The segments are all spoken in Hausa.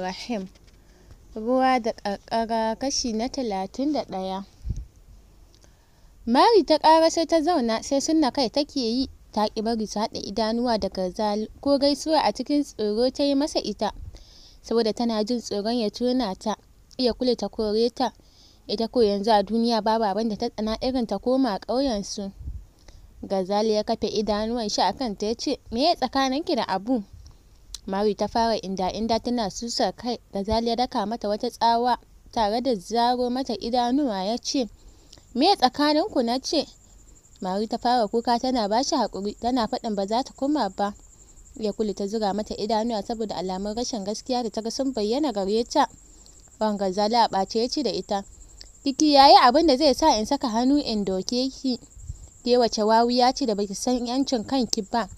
rahim. Ruwa da ƙarƙara kashi na talatin da ɗaya. Mari ta ƙara sai ta zauna sai sunna kai take yi ta ƙi bari su haɗa idanuwa da garzali ko gaisuwa a cikin tsoro ta yi masa ita saboda tana jin tsoron ya tona ta iya kula ta kore ta ita ko yanzu a duniya babu abin da ta tsana irin ta koma ƙauyensu. Gazali ya kafe idanuwan shi akan ta ya ce me ya tsakaninki da Abu? Mari ta fara inda-inda tana susar kai, zali ya daka mata wata tsawa tare da zaro mata idanuwa ya ce, “Me tsakaninku na ce?” Mari ta fara kuka tana ba shi haƙuri, tana faɗin ba za ta koma ba. ya kula ta zura mata idanuwa saboda alamun rashin gaskiya da ta ga sun bayyana gare ta. Wanga zala a ɓace ya ce da ita, Kiki yayi abin da zai sa in saka hannu in doke ki. Ke wace ya ce da baki san 'yancin kanki ba.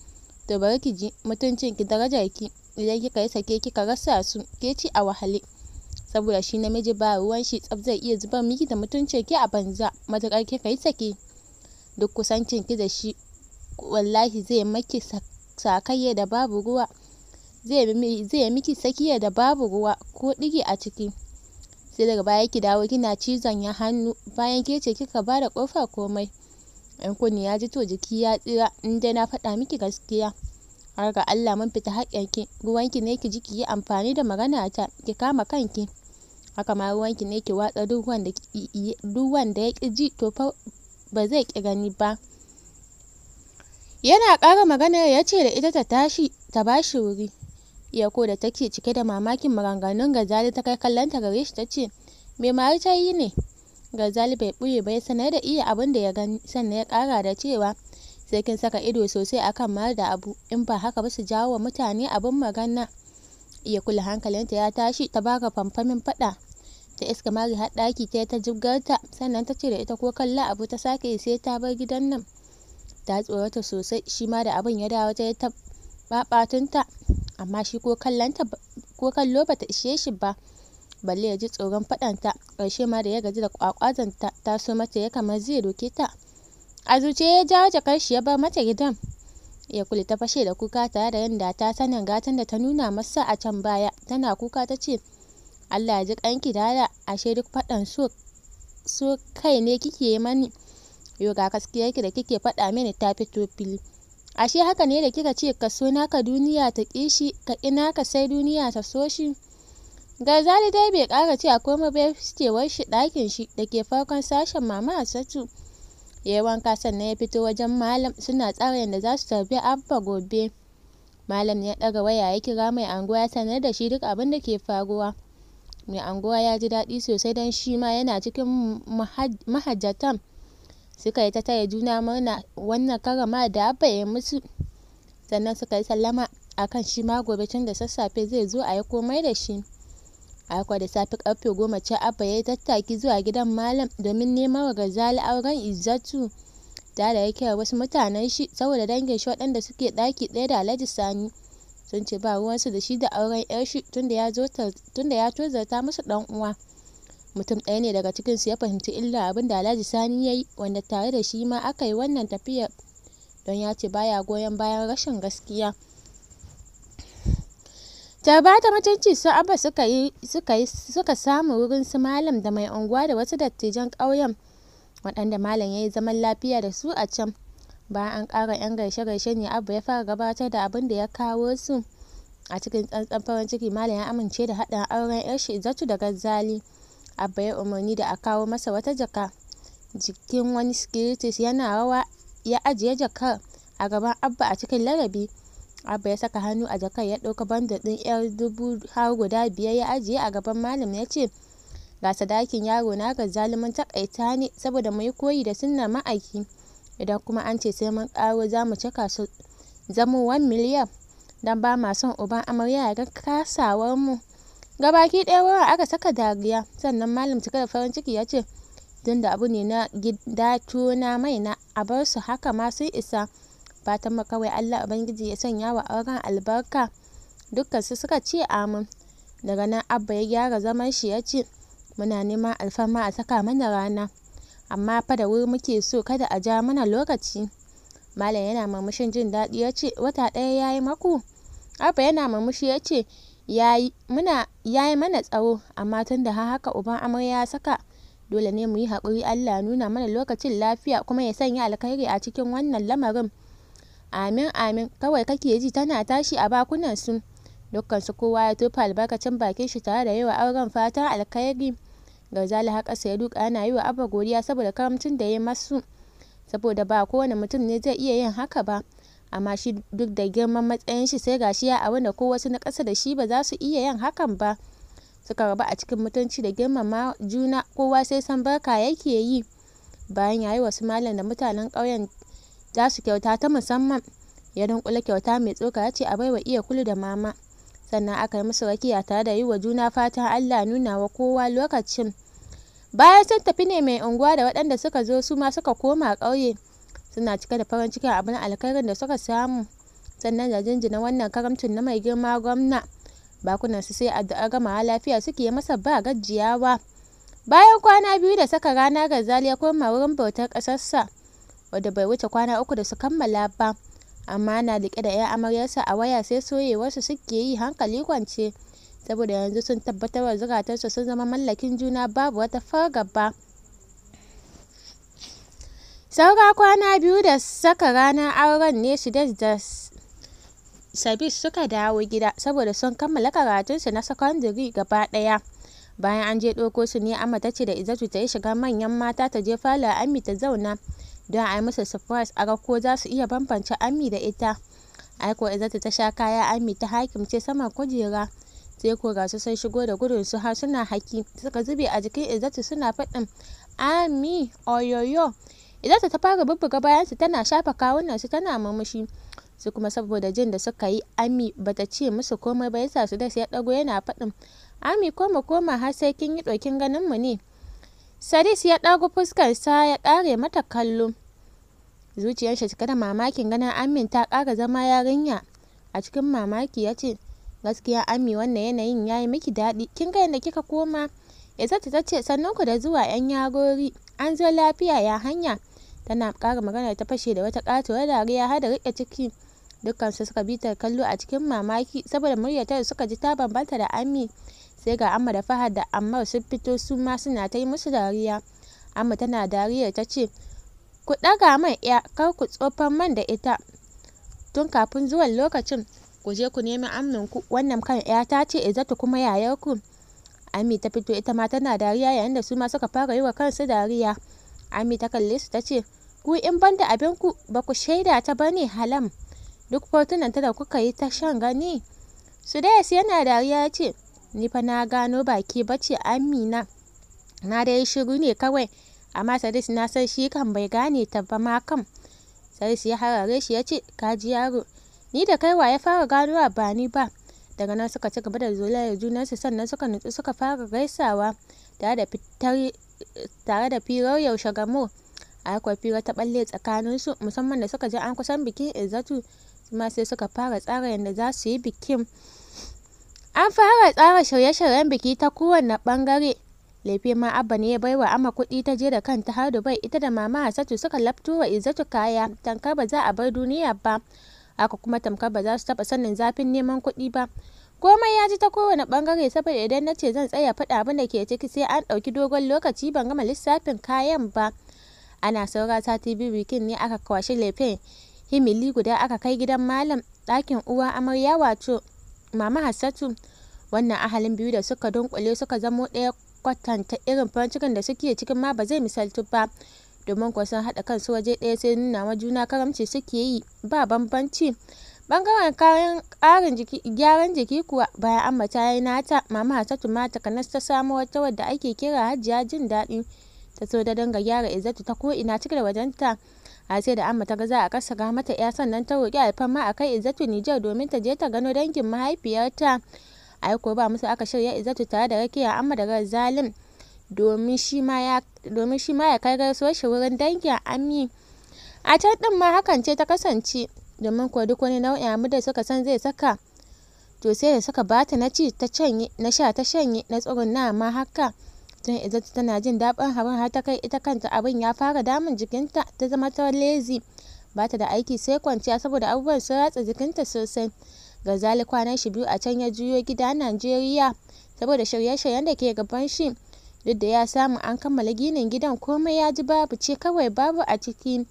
to bari ki ji mutuncin ki darajar ki idan kika yi sake kika rasa su ke ci a wahale saboda shi namiji ba ruwan shi tsaf zai iya zubar miki da mutuncin ki a banza matuƙar kika yi sake duk kusancin ki da shi wallahi zai maki sakayya da babu ruwa zai miki sakiya da babu ruwa ko ɗigi a ciki sai daga baya ki dawo kina cizon ya hannu bayan ke ce kika ba da ƙofar komai in kunne ya ji to jiki ya tsira in dai na faɗa miki gaskiya har ga Allah mun fita haƙƙinki ruwanki ne ki ji ki yi amfani da magana ta ki kama kanki haka ma ruwanki ne ki watsa duk wanda ya ƙi ji to fa ba zai ƙi gani ba yana ƙara magana ya ce da ita ta tashi ta bashi wuri iya ko da take cike da mamakin maganganun gazali ta kai kallon ta gare shi ta ce me mari ta yi ne Gazali bai buye ba ya sanar da iya abin da ya gani sannan ya kara da cewa sai kin saka ido sosai akan mar da abu in ba haka ba su jawo wa mutane abin magana iya kula hankalinta ya tashi ta baka famfamin fada ta iska mari har ɗaki ta ta jibgarta sannan ta ce da ita ko kalla abu ta sake sai ta bar gidan nan ta tsorata sosai shi ma da abin ya dawo ta yi ta babatunta amma shi ko kallo bata ishe shi ba balle ya ji tsoron faɗanta ƙarshe ma da ya gaji da kwakwazon ta so mata ya kamar zai doke ta a zuciya ya jawo jakar shi ya bar mata gidan ya kuli ta fashe da kuka tare da yadda ta sanin gatan da ta nuna masa a can baya tana kuka ta ce allah ya ji da dada ashe duk faɗan so kai ne kike mani yau yoga gaskiya ki da kike faɗa mini ta fito fili ashe haka ne da kika ce ka so naka duniya ta ƙi shi ka ƙi naka sai duniya ta so shi Garzali dai bai kara cewa komai ba ya ficewar shi ɗakin shi da ke farkon sashen Mama asatu Ya yi wanka sannan ya fito wajen Malam suna tsara yadda za su tarbi Abba gobe. Malam ya ɗaga waya ya kira mai anguwa ya sanar da shi duk abin da ke faruwa. Mai anguwa ya ji daɗi sosai don shi ma yana cikin mahajjatan. Suka yi ta taya juna murna wannan karama da Abba ya musu. Sannan suka yi sallama kan shi ma gobe tun da sassafe zai zo a yi komai da shi. akwa da safe karfe goma ce abba ya yi tattaki zuwa gidan malam domin neman wa gazali auren izzatu da da ya wasu mutanen shi saboda dangin shi waɗanda suke ɗaki ɗaya da alhaji sani sun ce ba ruwansu da shi da auren yar shi tunda ya tozarta musu ɗan uwa mutum ɗaya ne daga cikinsu ya fahimci illa abin da alhaji sani ya yi wanda tare da shi ma aka yi wannan tafiyar don ya ce baya goyon bayan rashin gaskiya ta ba ta mutunci su abba suka samu wurin su malam da mai unguwa da wasu dattijan ƙauyen waɗanda malam ya yi zaman lafiya da su a can bayan an ƙara 'yan gaishe-gaishe ne abba ya fara gabatar da abin da ya kawo su a cikin tsantsan farin ciki malam ya amince da haɗin auren 'yar shi zatu da gazzali abba ya umarni da a kawo masa wata jaka jikin wani sikiritis yana rawa ya ajiye jakar a gaban abba a cikin larabi Abba ya saka hannu a jakar ya ɗauka banda ɗin 'yar dubu har guda biyar ya ajiye a gaban Malam ya ce, Ga sadakin yaro na ga mun taƙaita ne saboda mu yi koyi da sunan ma'aiki. Idan kuma an ce sai mun ƙaro za mu cika su zamo wan miliyan don ba ma son uban amarya ya ga kasawar mu. Gabaki ɗaya wurin aka saka dariya sannan Malam cike da farin ciki ya ce, Tunda abu ne na gida tuwo na maina a bar su haka ma sun isa. fatan ma kawai Allah ubangiji ya sanya wa auren albarka dukkan su suka ce amin daga nan abba ya gyara zaman shi ya ce muna neman alfarma a saka mana rana amma fa da wuri muke so kada a ja mana lokaci malam yana murmushin jin daɗi ya ce wata ɗaya ya yi maku abba yana murmushi ya ce ya yi mana tsaro amma tun da haka uban amarya ya saka dole ne mu yi haƙuri allah nuna mana lokacin lafiya kuma ya sanya alkhairi a cikin wannan lamarin Amin amin kawai kake ji tana tashi a bakunan su su kowa ya tofa albarkacin bakin shi tare da yawa auren fatan alkhairi. ga zali haka ya duka yana yi wa Abba godiya saboda karamcin da ya masu saboda ba kowane mutum ne zai iya yin haka ba. Amma shi duk da girman matsayin shi sai gashi ya wanda ko wasu na kasa da shi ba za su iya yin hakan ba. Suka raba a cikin mutunci da girmama juna kowa sai san barka yake yi. Bayan yayi wasu malam da mutanen ƙauyen zasu kyauta ta musamman ya kula kyauta mai tsoka ya ce a baiwa iya kulu da mama sannan aka yi musu rakiya tare da yi wa juna fatan allah nuna wa kowa lokacin bayan sun tafi ne mai unguwa da waɗanda suka zo su ma suka koma ƙauye suna cika da farin cikin abin alkairin da suka samu sannan da jinjina wannan karamcin na mai girma gwamna su sai addu'a gama lafiya suke masa ba gajiyawa bayan kwana biyu da saka rana gazali ya koma wurin bautar kasarsa. wadda bai wuce kwana uku da su kammala ba amma na rike da 'yan amaryarsa a waya sai soyewarsu suke yi hankali kwance saboda yanzu sun tabbatar wa zukatarsu sun zama mallakin juna babu wata fargaba saura kwana biyu da saka ranar auren ne su da sabis suka dawo gida saboda sun kammala karatunsu na sakandare gaba daya bayan an je ɗauko su ne amma ta ce da izatu ta yi shiga manyan mata ta je falo ami ta zauna don a yi musu surprise a ga ko za su iya bambance Ami da ita. Aiko Izzatu ta sha kaya Ami ta hakimce saman kujera. Sai ko ga su sun shigo da gudun su har suna haki suka zube a jikin Izzatu suna faɗin Ami oyoyo. Izzatu ta fara bubbuga su tana shafa kawunan su tana murmushi. su kuma saboda jin da suka yi ami bata ce musu komai ba yasa su da ya dago yana faɗin ami koma koma har sai kin yi ɗokin ganin mu ne Sadis ya ɗago fuskarsa ya ƙare mata kallo. Zuciyarsa cika da mamakin ganin Amin ta ƙara zama yarinya. A cikin mamaki ya ce, Gaskiya Ami wannan yanayin ya yi miki daɗi, kin ga yadda kika koma. Izzatu ta ce, Sannan ku da zuwa 'yan yarori, an zo lafiya ya hanya. Tana ƙara magana ta fashe da wata ƙatuwar dariya har da riƙe ciki. Dukkansu suka bi ta kallo a cikin mamaki saboda muryar ta suka ji ta bambanta da Ami. sai ga amma da fahad da ammar sun fito su ma suna ta yi musu dariya amma tana dariya, ta ce ku ɗaga man ya kar ku tsofan man da ita tun kafin zuwan lokacin ku je ku nemi Aminku. wannan kan ya ta ce izatu kuma yayarku ami ta fito ita ma tana dariya yayin da su ma suka fara yi wa kansu dariya ami ta kalle su ta ce ku in ban da abin ku ba ku shaida ta ne, halam duk fotunan ta da kuka yi ta shan gani su yana dariya ya ce Ni fa na gano baki bace ba Amina. Na dai shiru ne kawai, amma Sadis na san shi kan bai gane ta ba ma kam. Sadis ya harare shi ya ce, ka ji yaro, ni da kaiwa ya fara ganowa ba ni ba. Daga nan suka ci gaba da zolayar junansu sannan suka nutsu suka fara gaisawa tare da firar yaushe gamo. A kuwa firar ta balle tsakanin su musamman da suka ji an kusan bikin Izzatu, kuma sai suka fara tsara yadda za su yi bikin. An fara tsara shirye-shiryen biki ta kowane ɓangare, lefe ma Abba ne ya bai wa ama kuɗi ta je da kanta har bai ita da Mama Hannatu suka labto wa izatu kaya tamkar ba za a bar duniya ba, haka kuma tamkar ba za su taɓa sanin zafin neman kuɗi ba. Komai ya ji ta kowane ɓangare saboda idan na ce zan tsaya faɗa abin da ke ciki sai an ɗauki dogon lokaci ban gama lissafin kayan ba. Ana saura sati biyu bikin ne aka kwashi lefen himili guda aka kai gidan malam ɗakin uwa amarya wato. Mama Hassatu wannan ahalin biyu da suka dunkule suka zamo ɗaya kwatanta irin farin cikin da suke cikin ma ba zai misaltu ba domin kuwa sun haɗa kansu waje ɗaya sai nuna wa juna karamci suke yi ba bambanci bangaren kayan ƙarin jiki gyaran jiki kuwa bayan amata ya yi nata mama Hassatu ma kanas ta samo wata wadda ake kira hajiya jin daɗi ta so ta dinga gyara izzatu ta ko ina cike cikin wajenta a sai da amma ta ga za a kasa ga mata ya sannan ta roƙi alfarma a kai izatu nijar domin ta je ta gano dangin mahaifiyarta aiko ba musu aka shirya izatu tare da rakiya amma daga zalim domin shi ma ya kai gaisuwar shi wurin dangin ami a can din ma hakan ce ta kasance domin ko duk wani nau'in amu da suka san zai saka to sai da suka bata na ci ta na sha ta shanye na tsoron na ma haka tun izzatu tana jin daɗin abin har ta kai ita kanta abin ya fara damun jikinta ta zama ta lazy ba ta da aiki sai kwanciya saboda abubuwan sun ratsa jikinta sosai ga zali kwanan shi biyu a can ya juyo gida najeriya saboda shirye-shiryen da ke gaban shi duk da ya samu an kammala ginin gidan komai ya ji babu ce kawai babu a ciki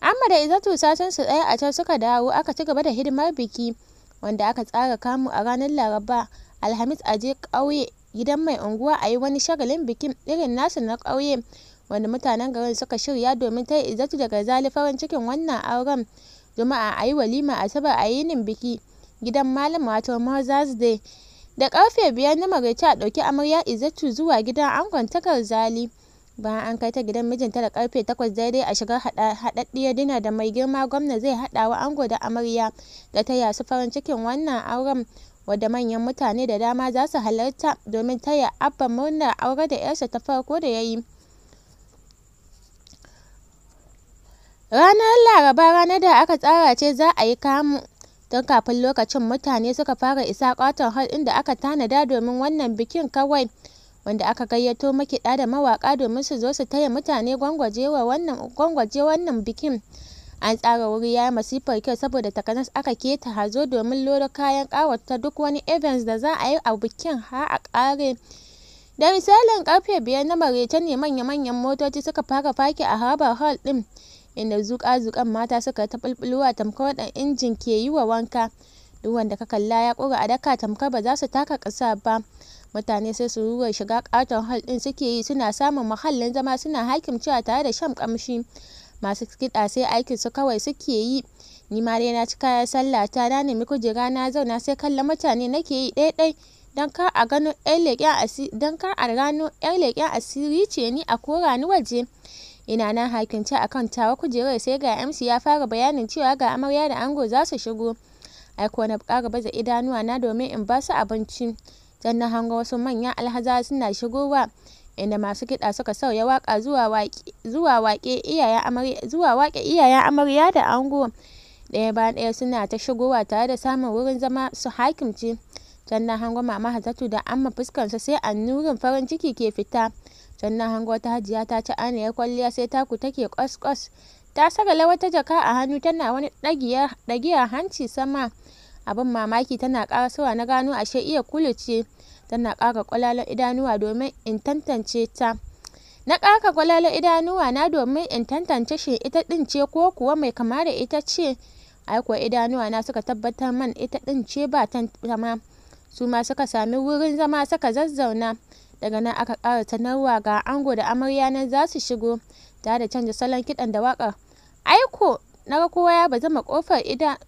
amma da izatu satin su tsaya a can suka dawo aka ci gaba da hidimar biki wanda aka tsara kamu a ranar laraba alhamis aje je ƙauye gidan mai unguwa a yi wani shagalin bikin irin nasu na ƙauye wanda mutanen garin suka shirya domin taya Izzatu daga zali farin cikin wannan auren. Juma'a a yi walima Asabar a yinin biki gidan Malam wato Mother's Day. Da karfe biyar na maraice a ɗauki amarya Izzatu zuwa gidan angon takar zali. bayan an kai ta gidan mijinta da karfe 8 daidai a shiga haɗaɗɗiyar dina da mai girma gwamna zai wa ango da amarya da ta yasu farin cikin wannan auren wadda manyan mutane da dama za su halarta domin taya abba murnar aure da yarsa ta farko da ya yi ranar laraba ranar da aka tsara ce za a yi kamu don kafin lokacin mutane suka fara isa ƙaton har inda aka tanada domin wannan bikin kawai wanda aka gayyato makiɗa da mawaƙa domin su zo su taya mutane gwangwaje wannan bikin. An tsara wuri ya masifar kyau saboda takanas aka keta hazo domin loro kayan ƙawata duk wani events da za a yi a bikin har a ƙare. Da misalin karfe biyar na maraice ne manya-manyan motoci suka fara faki a harbor Hall ɗin, inda zuka-zukan mata suka ta bulbulwa tamkar wadan injin ke yi wa wanka. Duk wanda ka kalla ya ƙura a daka tamkar ba za su taka ƙasa ba. mutane sai su ruwa shiga katon hall din suke yi suna samun muhallin zama suna cewa tare da shan kamshi masu kiɗa sai aikin su kawai suke yi ni ma dai na ci kayan sallah ta na nemi kujera na zauna sai kallon mutane nake yi ɗaiɗai don kar a gano dan kar a gano ɗan leƙen asiri ce ni a kora ni waje ina nan a kan tawa kujerar sai ga MC ya fara bayanin cewa ga amarya da ango za su shigo ai na ƙara baza idanuwa na domin in ba su abinci can na hango wasu manyan alhaza suna shigowa inda masu kiɗa suka sauya waka zuwa waƙe iyayen amarya da ango ɗaya ba ɗaya suna ta shigowa tare da samun wurin zama su hakimci can na hango mama hazatu da amma fuskarsa sai a nurin farin ciki ke fita can na hango ta hajiya ta ci aniyar kwalliya sai taku take kwaskwas ta saka wata jaka a hannu tana wani ɗagiyar hanci sama abin mamaki tana kasuwa na gano ashe iya kulu ce tana kaka kwalalar idanuwa domin in tantance ta na kaka kwalalar idanuwa na domin in tantance shi ita din ce ko kuwa mai kama da ita ce aiko idanuwa na suka tabbatar man ita din ce ba tantama su ma suka sami wurin zama suka zazzauna daga nan aka kara sanarwa ga ango da amarya nan za su shigo tare da canja salon kidan da wakar aiko na ga kowa ya bazama kofar ida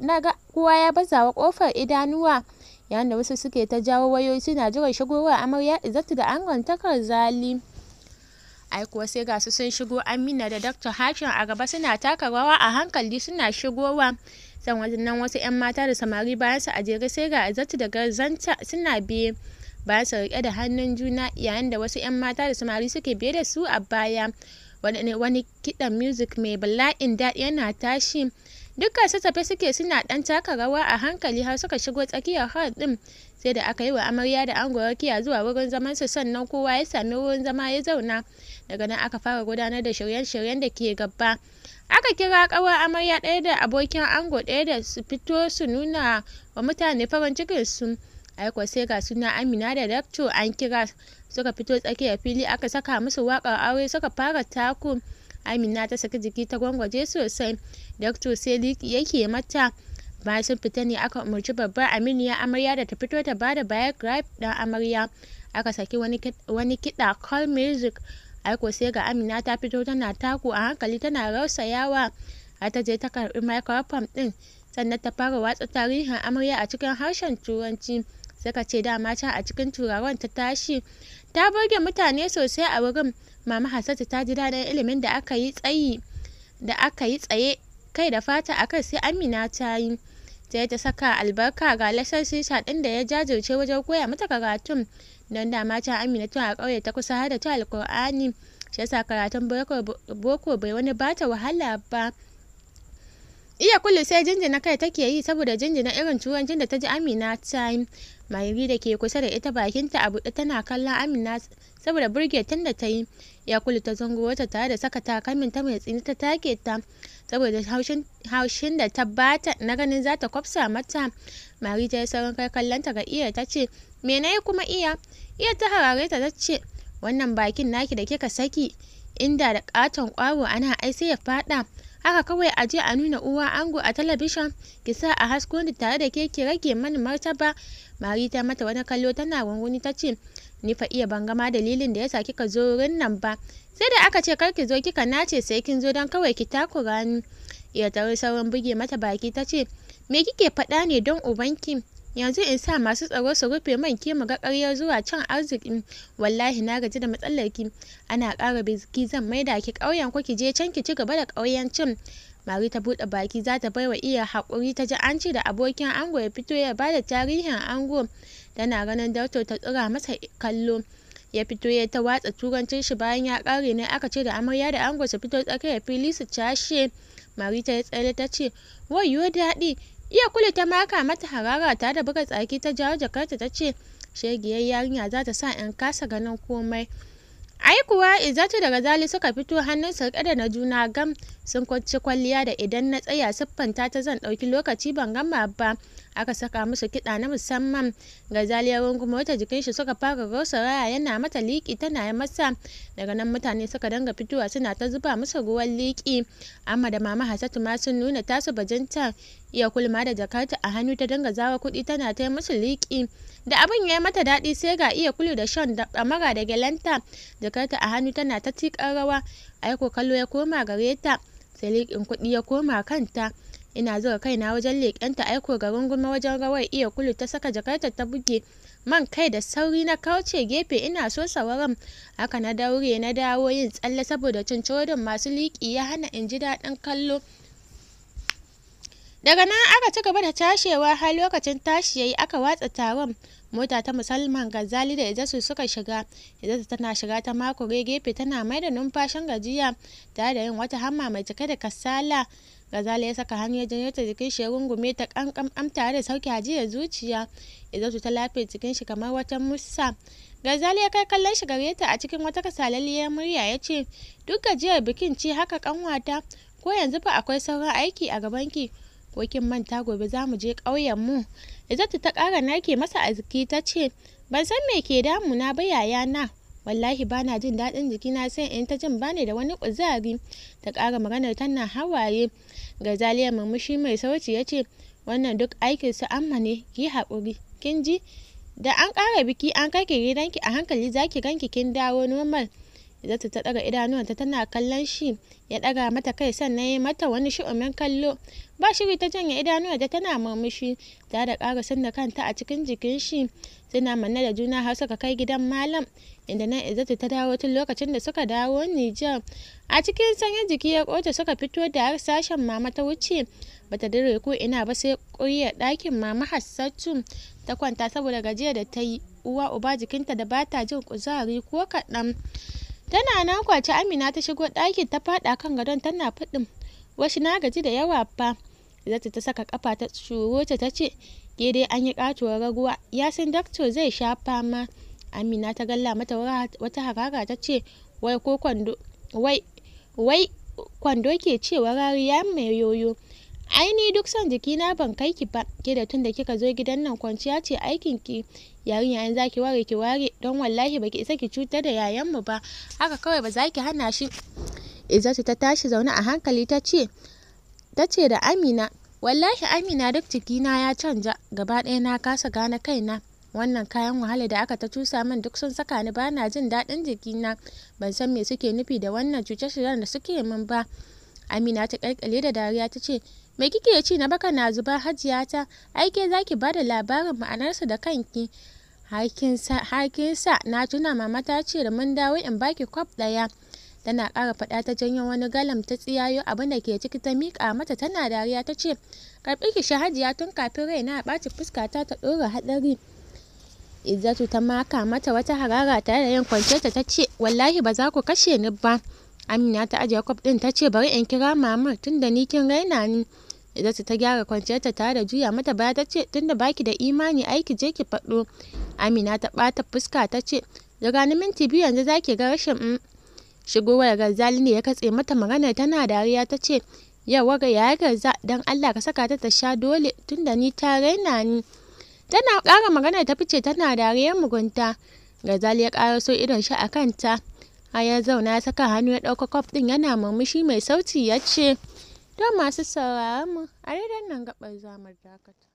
na ga kowa ya baza wa kofar idanuwa yayin da wasu suke ta jawo wayoyi suna jiran shigowar amarya Izzatu da angon takar zali ai kuwa sai ga su sun shigo Amina da Dr. Hashim a gaba suna taka rawa a hankali suna shigowa san wajen wasu 'yan mata da samari bayan su a jere sai ga Izzatu da Garzanta suna biye bayan su rike da hannun juna yayin da wasu 'yan mata da samari suke biye da su a baya wani kiɗan music mai bala'in daɗi yana tashi dukkan su tafi suke suna ɗan taka rawa a hankali har suka shigo tsakiyar hall ɗin sai da aka yi wa amarya da ango rakiya zuwa wurin zaman su sannan kowa ya sami wurin zama ya zauna daga nan aka fara gudanar da shirye-shiryen da ke gaba aka kira kawar amarya ɗaya da abokin ango ɗaya da su fito su nuna wa mutane farin cikin su sai ga suna amina da dakto an kira suka fito tsakiyar fili aka saka musu waƙar aure suka fara taku amina ta saki jiki ta gwangwaje sosai dr sai yake mata bayan sun fita ne aka umarci babbar aminiya amarya da ta fito ta bada biograph dan amarya aka saki wani kiɗa call music aiko sai ga amina ta fito tana taku a hankali tana rausayawa a ta je ta karbi microphone din sannan ta fara watsa tarihin amarya a cikin harshen turanci suka ce dama can a cikin turawan ta tashi ta burge mutane sosai a wurin Mama Hassatu ta ji daɗin ilimin da aka yi tsayi da aka yi tsaye kai da fata a akai sai Amina ta yi. yi ta saka albarka ga lasar shisha ɗin da ya jajirce wajen koya mata karatun don dama ta Amina tun a ƙauye ta kusa har da ta Alƙur'ani. Shi yasa karatun boko bai wani bata wahala ba. iya kullu sai jinjina kai take yi saboda jinjina irin turancin da ta ji amina ta yi mayuri da ke kusa da ita bakinta a buɗe tana kallon amina saboda burge tun da ta yi ya yakulu ta zango wata tare da saka takalmin ta mai tsini ta take ta saboda haushin da ta bata na ganin za ta kwafsa mata mari ta saurin kai kallonta ga iya ta ce me na yi kuma iya iya ta harare ta ce wannan bakin naki da kika saki inda da katon kwaro ana ai sai ya fada Haka kawai a je a nuna uwa ango a talabishin, ki sa a hasko tare da ke ki rage mani martaba. Mari ta mata wani kallo tana rungumi ta ce, Ni fa iya ban gama dalilin da ya sa kika zo wurin nan ba. Sai da aka ce kar ki zo kika nace sai kin zo don kawai ki takura ni. Iya ta sauran buge mata baki ta ce, Me kike faɗa ne don ubanki? yanzu in sa masu tsaro su rufe man ke mu ga ƙaryar zuwa can arziki. wallahi na gaji da matsalar ki ana ƙara bizki zan mai ki ƙauyen ku ki je can ki ci gaba da ƙauyancin Mari ta buɗe baki za ta baiwa iya haƙuri ta ji an ce da abokin ango ya fito ya bada tarihin ango tana ganin dauto ta tsira masa kallo ya fito ya ta watsa turancin shi bayan ya ƙare ne aka ce da amarya da ango su fito tsakiyar fili su cashe mari ta ya tsaye ta ce, "Wai yo daɗi, iya kule ta maka mata harara ta da buga tsaki ta jawo jakarta ta ce shegiyar yarinya za ta sa in kasa ganin komai ai kuwa izzatu da gazali suka fito hannun sarƙe da na juna gam sun kwanci kwalliya da idan na tsaya siffanta ta zan ɗauki lokaci ban gama ba aka saka musu kiɗa na musamman ga zaliyar kuma wata jikin shi suka fara raya yana mata liƙi tana yi masa daga nan mutane suka danga fitowa suna ta zuba musu ruwan liƙi amma da mama Hassatu ma sun nuna tasu bajinta iya kulma da jakarta a hannu ta danga zawa kuɗi tana ta musu liƙi da abin ya yi mata daɗi sai ga iya kulu da shan ɗamara da gelanta jakarta a hannu tana ta tiƙar rawa aiko kallo ya koma gare ta sai liƙin kuɗi ya koma kanta ina zuwa kaina wajen leƙenta aiko ga runguma wajen rawar iya kulu ta saka jakarta ta buge man kai da sauri na kauce gefe ina so sawaran haka na daure na dawo yin tsalle saboda cincodin masu liƙi ya hana in ji daɗin kallo daga nan aka ci gaba da tashewa har lokacin tashi yayi aka watsa taron mota ta musamman gazali da izasu suka shiga izasu tana shiga ta makure gefe tana mai da numfashin gajiya tare da yin wata hamma mai cike da kasala gazali ya saka hanyar ya janyo ta jikin shi ya rungume ta kankan tare da sauki hajiyar zuciya izasu ta lafiya cikin shi kamar wata musa Gazali ya kai kallon shi gare ta a cikin wata kasalaliyar murya ya ce, Duk gajiyar bikin ci haka kanwata, ko yanzu fa akwai sauran aiki a gabanki, ko kin manta gobe za mu je ƙauyen mu izzatu ta ƙara nake masa aziki ta ce ban san me ke damuna ba yaya na. wallahi bana jin daɗin jiki na sai in ta jin bani da wani kuzari ta ƙara maganar tana hawaye ga zaliya murmushi mai sauci ya ce wannan duk aikin su amma ne ki haƙuri kin ji da an ƙara biki an kai ki gidanki a hankali zaki ganki kin dawo normal zata ta daga idanuwanta tana kallon shi ya daga mata kai sannan ya mata wani shi'umin kallo. Ba shiri ta janye da tana murmushi ta da ƙara sanda kanta a cikin jikin shi suna manne da juna har suka kai gidan malam inda nan Izzatu ta dawo tun lokacin da suka dawo Nijar. A cikin sanyin jiki ya kota suka fito da har sashen mama ta wuce bata dire ko ina ba sai ƙuryar ɗakin mama Hassatu ta kwanta saboda gajiya da ta yi uwa uba jikinta da bata jin kuzari ko kaɗan. Tana nan kwace Amina ta shigo ɗakin ta faɗa kan gadon tana faɗin wasu na gaji da yawa fa. Zata ta saka kafa ta shuruta ta ce ke dai an yi katuwar raguwa ya san dakto zai sha fama. Amina ta galla mata wata harara ta ce wai ko kwando wai wai kwando ke cewa rariya mai yoyo ai ni duk son na ban kai ki ba ke da tun tunda kika zo gidan nan kwanciya ce aikin ki yarinya an zaki ware ki ware don wallahi baki isa ki cutar da yayan mu ba haka kawai ba zaki hana shi izatu ta tashi zaune a hankali ta ce ta ce da Amina wallahi Amina duk jikina ya canja gaba ɗaya na kasa gane kaina wannan kayan wahala da aka ta cusa min duk sun saka ni bana jin daɗin jikina ban san me suke nufi da wannan cuce-cucen da suke min ba amina ta kalkale da dariya ta ce me kike ci na baka na zuba hajiya ta aike zaki bada labarin ma'anarsa da kanki harkin sa na tuna mama ta ce da mun dawo in baki kwaf daya tana ƙara faɗa ta janyo wani galam ta tsiyayo abin da ke ciki ta miƙa mata tana dariya ta ce karɓi ki shi hajiya tun kafin raina a ɓaci fuskata ta ɗora haɗari izzatu ta maka mata wata harara tare da yin kwance ta ce wallahi ba za ku kashe ni ba amina ta ajiye kwaf ɗin ta ce bari in kira mamar Tunda ni kin raina ni Idatu ta gyara kwanciyarta tare da juya mata baya ta ce tunda baki da imani aiki je ki faɗo. Amina ta ɓata fuska ta ce daga ni minti biyu yanzu zaki ga rashin mm. shigowar garzali ne ya katse mata maganar tana dariya ta ce Yau waga ya yi garza don Allah ka saka ta ta sha dole tunda ni ta raina ni. Tana ƙara maganar ta fice tana dariya mugunta. Gazali ya ƙara so idon shi a kanta. ya zauna ya saka hannu ya ɗauka kwaf ɗin yana murmushi mai sauti ya ce. Don masu sauraronmu, a dai nan gaɓar zamar dakata.